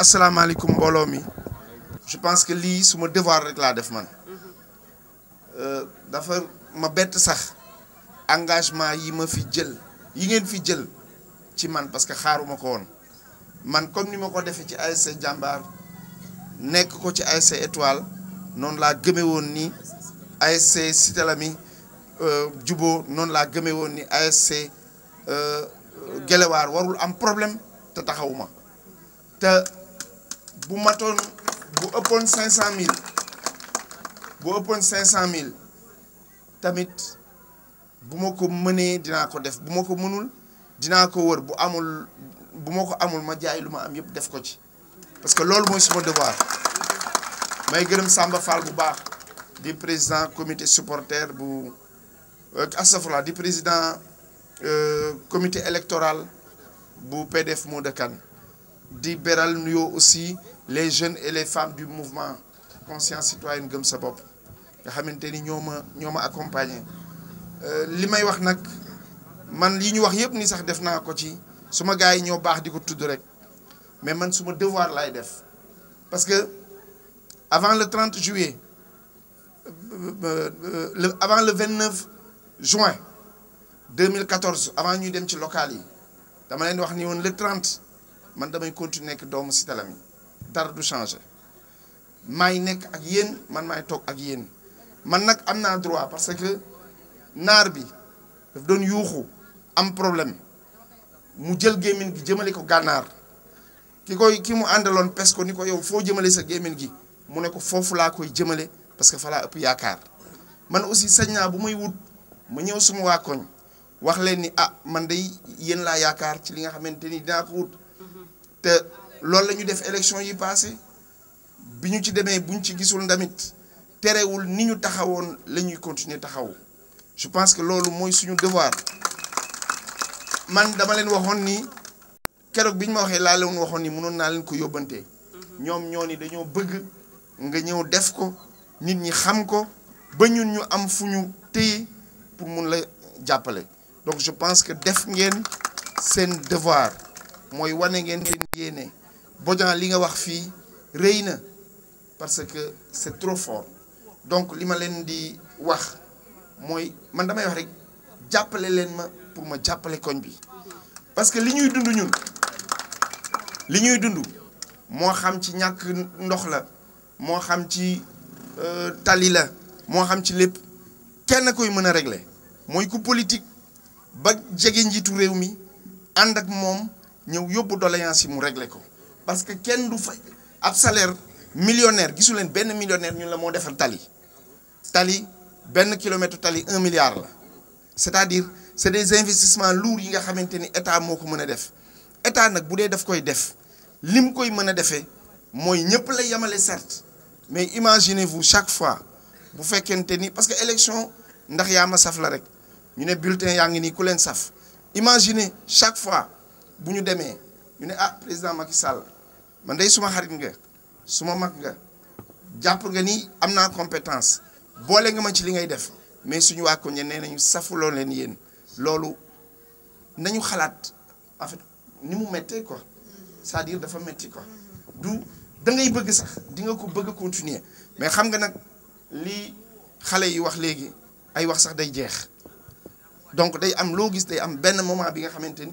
asalaamaaleykum mbooloo mi je pense que lii suma devoir rek laa def man euh, dafa ma bett sax engagement yi ma fi jël yi ngeen fi jël ci man parce que xaaruma ko woon man comme ni ma ko defee ci ASC jàmbaar nekk ko ci ASC étoile noonu laa gëme woon ni ASC Cité euh, juboo noonu laa gëme woon ni ASC euh, Guelewar warul am problème te taxawuma te bu matoon bu ëppoon cinq cent mille bu ëppoon cinq cent mille tamit bu ma ko mënee dinaa ko def bu ma ko mënul dinaa ko wër bu amul bu ma ko amul ma jaay lu ma am yëpp def ko ci parce que loolu mooy suma devoir may gërëm Samba Fall bu baax di président commité supporter bu euh, astafurlah di président euh, comité électoral bu PDF Modou Kane di beral aussi les jeunes et les femmes du mouvement conscience citoyenne gëm sa bopp nga xamanteni ñoma ñoma accompagner euh limay wax nak man li ñu wax yëpp ni sax def naa ko ci suma gars ñoo bax diko ko tudd rek mais man suma devoir lay def parce que avant le 30 juillet euh, euh, le avant le 29 juin 2014 avant ñu dem ci local yi dama len wax ni woon le 30. man damay continuer nekk doomu Cité Lamy dara du changé maay nekk ak yéen man maay toog ak yéen man nag am naa droit parce que naar bi daf doon yuuxu am problème mu jël gémmiñ gi jëmale ko gànnaar ki koy ki mu àndaloon pes ko ni ko yow foo jëmale sa gémmiñ gi mu ne ko foofu laa koy jëmale parce que falaa ëpp yaakaar man aussi sañ naa bu may wut ma ñëw suma waa koñ wax leen ni ah man day yéen laa yaakaar ci li nga xamante ni dinaa ko wut te loolu la def élection yi passé bi ñu ci demee bu ci gisul continuer je pense que l'homme est suñu devoir man dama leen waxoon ni kérok biñ ñu ma waxee laa leen waxoon ni mënoon naa leen ko yobanté ñom ñoni ni bëgg nga ñëw def ko nit ñi xam ko ba ñu am fuñu téy pour mën la jappalé donc je pense que def ngeen un devoir mooy wane ngeen seen yéene Bodian li nga wax fii rëy na parce que c'est trop fort donc li ma leen di wax mooy man damay wax rek jàppale leen ma pour ma jàppale koñ bi parce que li ñuy dund ñun li ñuy dundu moo xam ci ñàkk ndox la moo xam ci euh, tali la moo xam ci lépp kenn koy mën a régler mooy ku politique ba jege njiitu réew mi ànd ak moom ñew yóbbu doléance yi mu régler ko parce que kenn du fay ab salaire millionnaire gisu leen ben millionnaire ñun la mo defar tali tali ben kilomètre tali un milliard la c'est-à-dire c'est des investissements lourds yi nga xamanteni état moko mëna def état nak budé daf koy def lim koy mëna défé moy ñëpp certes mais imaginez-vous chaque fois bu fekkente ni parce que élection ndax yama saf la rek ñu né bulletin yaa ngi nii ku len saf imaginez chaque fois. buñu démé ñu né ah président Macky Sall man day suma xarit nga suma mag nga japp nga ni amna naa compétence boole nga ma ci li ngay def mais suñu wa ko ñe nee nañu lo leen yeen lolu nañu xalat en fait ni mu metté quoi ça dire dafa metti quoi du da ngay bëgg sax di nga ko bëgg continuer mais xam nga nak li xalé yi wax légui ay wax sax day jeex donc day am lo gis day am ben moment bi nga xamanteni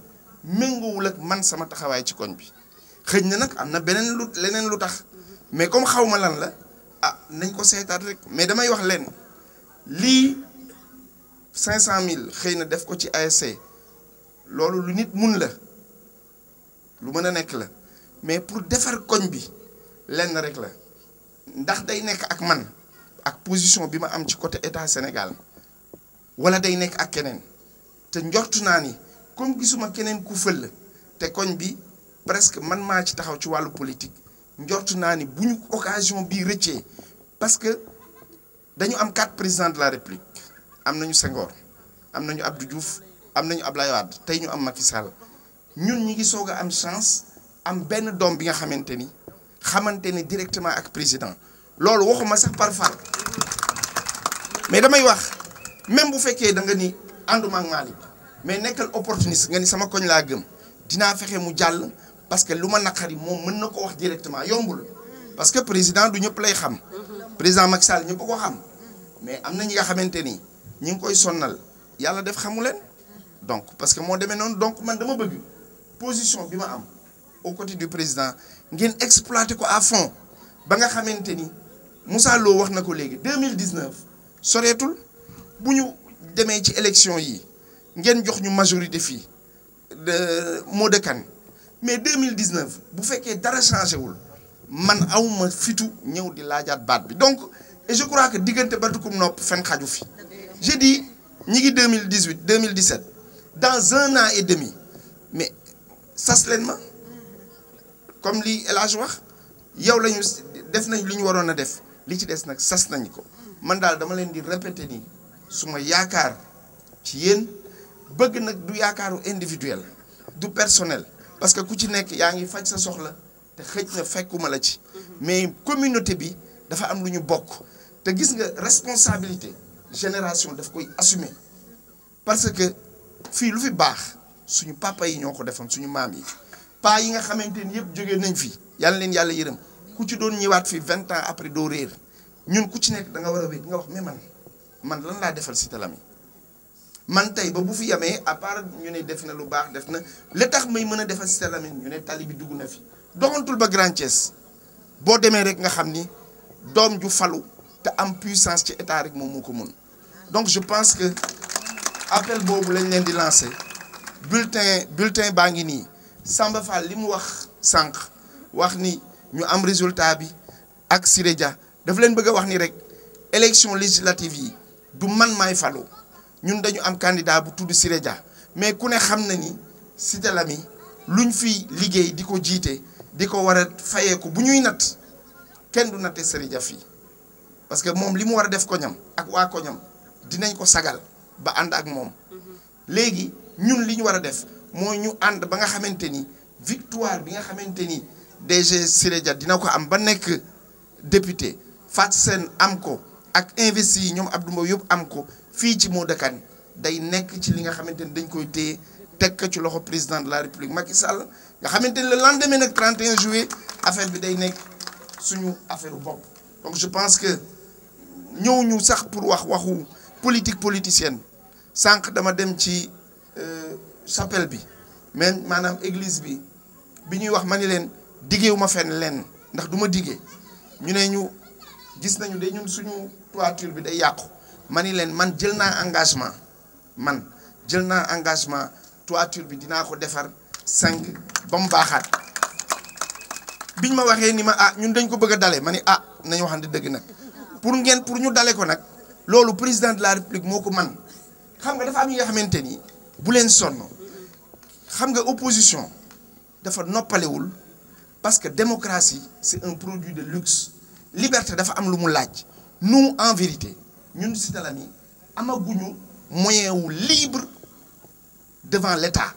méngoowul ak man sama taxawaay ci koñ bi xëj na nag am na beneen lu leneen lu tax mais comme xaw ma lan la ah nañ ko seetaat rek mais damay wax leen lii cinq cent mille xëy na def ko ci ASC loolu lu nit mun la lu mën a nekk la mais pour defar koñ bi lenn rek la ndax day nekk ak man ak position bi ma am ci côté état Sénégal wala day nekk ak keneen te njort naa ni comme gisuma keneen ku fël te koñ bi presque man maa ci taxaw ci wàllu politique njort naa ni bu ñu occasion bii rëccee parce que dañu am quatre président de la république am nañu Senghor am nañu Abdou Diouf am nañu Ablaye Wade tey ñu am Macky Sall ñun ñi ngi soog am chance am benn doom bi nga xamante ni directement ak président loolu waxuma sax par far mais damay wax même bu fekkee da nga ni ànduma ak Malick mais nekkal opportuniste nga sama koñ la gëm dina fexé mu parce que luma ma mën directement parce que président du ñëpp lay xam président Macky Sall ko xam mais il ñi nga a ñi ngi koy sonnal def donc parce que donc man dama bëgg position bima am au côté du président ngeen ko à fond ba nga Moussa Lo wax 2019 Sorry buñu démé élection ngeen jox ñu majorité fi de moo mais 2019 bu fekkee dara changé wul man awma fitu ñew di l'ajat baat bi donc et je crois que diggante ba nop fen xaju fi j'ai dit ñi ngi 2018 2017 dans un an et demi mais sas seulement, ma comme li El Hadj wax yow la def nañ lu ñu waroon def li ci dess nak sas nañ ko man dal dama leen di répéter ni, suma yakar, ci yeen bëgg nag du yaakaaru individuel du personnel parce que ku ci nekk yaa ngi faj sa soxla te xëj na fekkuma la ci mais communauté bi dafa am lu ñu bokk te gis nga responsabilité génération daf koy assumer parce que fii lu fi baax suñu papa yi ñoo ko defoon suñu maam yi paa yi nga xamante ni yëpp jógee nañ fii yàlla leen yàlla yërëm ku ci doon ñëwaat fii vingt ans après doo réer ñun ku ci nekk da nga war a wéy nga wax mais man man lan laa defal Cité Lamy man tay ba bu fi yamee à part ñu ne def na lu baax def na le tax may mën def ci Cité ñu ne tali bi dugg na fi doxantul ba Grand Thiès bo demee rek nga xamni dom ju falu te am puissance ci état rek mo moko mën donc je pense que appel bobu lañ leen di lancer bulletin bulletin baa ngi Samba Fall limu wax sank wax ni ñu am résultat bi ak Siré daf leen bëgg wax ni rek élection législative yi du man may falu ñun dañu am candidat bu tudd Siré Dia mais ku ne xam na ni Cité Lamy luñ fi liggéey di ko jiite di ko war a fayee ko bu ñuy natt kenn du natte Siré Dia fii parce que moom li mu war a def ko ñam ak waa ko ñam dinañ ko sagal ba ànd ak moom mhm. léegi ñun li ñu war a def mooy ñu ànd ba nga xamante ni victoire bi nga xamante ni DG Siré Dia dina ko am ba nekk député Fatou seen am ko ak investi yi Abdou Mbow yëpp am ko fi ci mo de Kane day nekk ci li nga xamantene dañ koy téye teg ci loxo président de la république Macky Sall nga xamantene le lendemain nak 31 juillet affaire bi day nekk suñu affaire bopp. donc je pense que ñëw ñu sax pour wax waxu politique politicienne sank dama dem ci euh, chapelle bi même manam église bi bi ñuy wax ma ni leen ma fenn l'en. ndax duma ma ñu né ñu gis nañu de ñun suñu toiture bi day yàqu ma man engagement man jël engagement toiture bi dinaa ko defar ba mu biñ ma waxee ni ma ah ñun dañ ko bëgg ah, pour ngeen pour ñu ko loolu président de la république moo man xam nga dafa am bu leen xam parce que démocratie c'est un produit de luxe liberté dafa am lu mu laaj nous en vérité ñun Cité Lamy amaguñu moyen wu libre devant l'État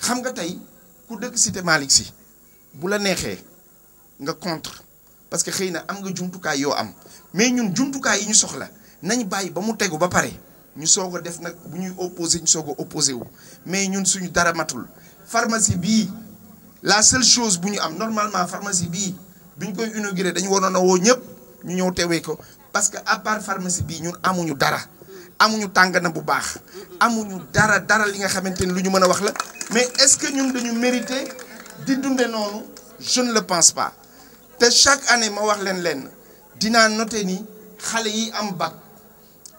xam nga tay ku dëkk Cité Malick bu la nexé nga contre parce que xeyna am nga kay yo am mais ñun jumtukaay yi ñu soxla nañ bàyyi ba mu teggu ba paré ñu sogo def nak bu ñuy ñu sogo opposer wu mais ñun suñu dara matul pharmacie bi la seule chose bu ñu am normalement pharmacie bi biñ koy inaugurer dañu waroon a woo ñëpp ñu ñew téwé ko parce que à part pharmacie bi ñun amuñu dara amuñu tangana bu baax amuñu dara dara li nga xamante luñu mëna wax la mais est-ce que ñun dañu mérité di dundé noonu je ne le pense pas té chaque année ma wax leen leen dina noté ni xalé yi am bac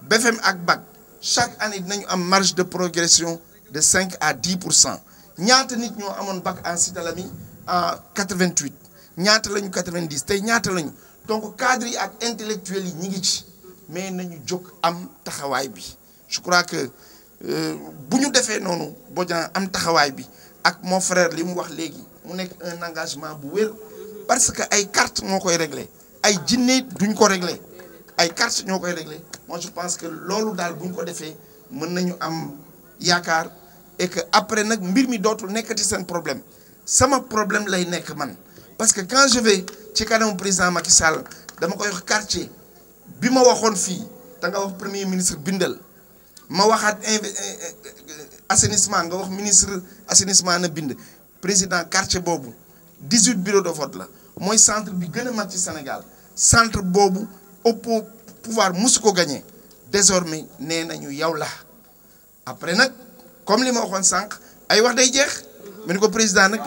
bfm ak bac chaque année dinañu am marge de progression de 5 à 10% pour ñaata nit ñoo amone bac en Cité Lamy en quatre vingt ñaata lañu 90 tey ñaata lañu donc cadre yi ak intellectuels yi ñi ngi ci mais nañu jóg am taxawaay bi je crois que euh, bu ñu defee noonu Bodian am taxawaay bi ak mon frère li mu wax léegi mu nekk un engagement bu wér parce que ay carte moo koy réglé ay jinne duñ ko réglé ay carte ñoo koy réglé moi je pense que loolu daal bu ñu ko defee mën nañu am yaakaar et que après nag mbir mi dootul nekkati seen problème sama problème lay nekk man parce que quand je vais chez mon président Macky Sall dama koy wax quartier bi ma waxoon fii nga wax premier ministre Bindel, ma waxaat eh, eh, eh, assainissement nga ministre assainissement na bind président quartier Bobo, 18 bureaux de vote là, le centre bi plus Sénégal centre Bobo, au pouvoir mosu ko gagné désormais nous sommes là. la après comme li ma waxoon il ay wax day jeex. mu président nag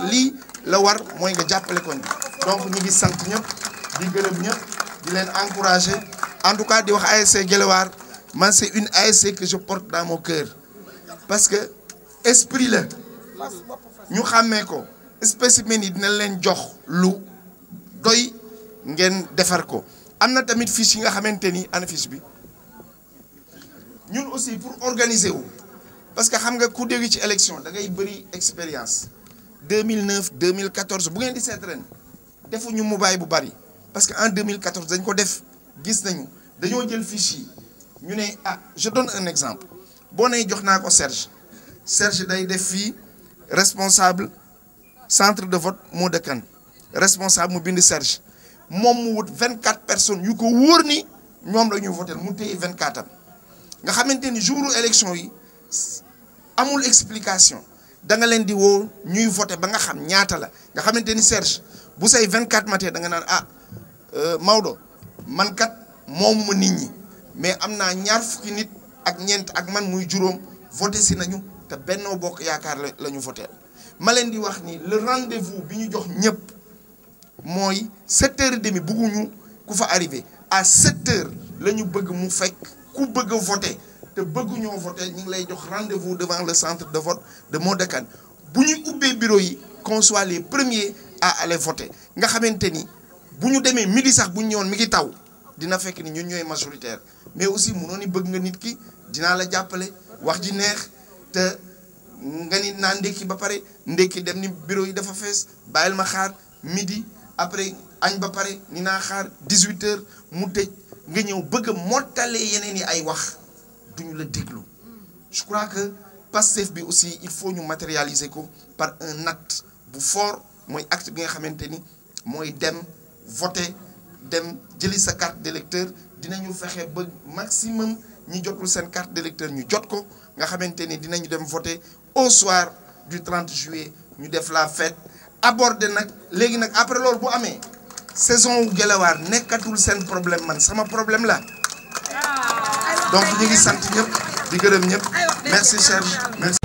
le war mooy nga jàppale ko donc ñu ngi sant ñep di gërëm ñep di leen encourager en tout cas di wax ASC Guelwaar man c'est une ASC que je porte dans mon cœur parce que esprit là, ñu xamé ko spécimen yi dina leen jox lu doy ngeen défar ko amna tamit fiche yi nga xamante ana fiche bi ñun aussi pour organiser parce que xam nga ku dégg ci élection da ngay bëri expérience 2009 2014 bu ngeen di 17 vous nous Moubaye bu bari parce qu'en 2014 dañ ko def gis nañu ah, je donne un exemple Si vous avez Serge Serge est def responsable centre de vote responsable mobile de Serge Il 24 personnes yu ko ni voter 24 le nga l'élection. amul explication. da nga len di wo ñuy voter ba nga xam ñaata la nga xamanteni ni Serge bu say 24 maté da nga nan ah euh, Maodo man kat moom ma nit ñi mais amna ñaar fukki nit ak ñent ak man muy juróom voter si nañu te Benno bok yaakar lañu voter ma len di wax ni le rendez-vous bi ñu jox ñepp moy 7 h 30 demi bëgguñu ku fa arriver à 7 h lañu bëgg mu fekk ku bëgg voter te bëgguñoo voté ñu ngi lay jox rendez-vous devant le centre de vote de Modakane buñu ñu bureau yi qu'on soit les premiers à aller voter nga xamante buñu démé midi sax bu ñu mi ngi taw dina fekk ni ñun ñoy majoritaire mais aussi munoon ni bëgg nga nit ki dina la jappalé wax ji neex te nga ni naa ndékki ba paré ndéki dem ni bureau yi dafa fess bayil ma xaar midi après añ ba paré ni na xaar 18 heures mu tej nga ñëw bëgg a mottale yeneen yi ay wax duñu la déglou je crois que Pastef bi aussi il faut ñu matérialiser ko par un acte bu fort moy acte bi nga xamanteni moy dem voter dem jëli sa carte d'électeur dinañu fexé ba maximum ñi jotul sen carte d'électeur ñu jot ko nga xamanteni dinañu dem voter au soir du 30 juillet ñu def la fête aborder nak légui nak après loolu bu amé saison wu Guelewar nekkatul problème man sama problème la donc vous pas, sentir, ñëpp merci Serge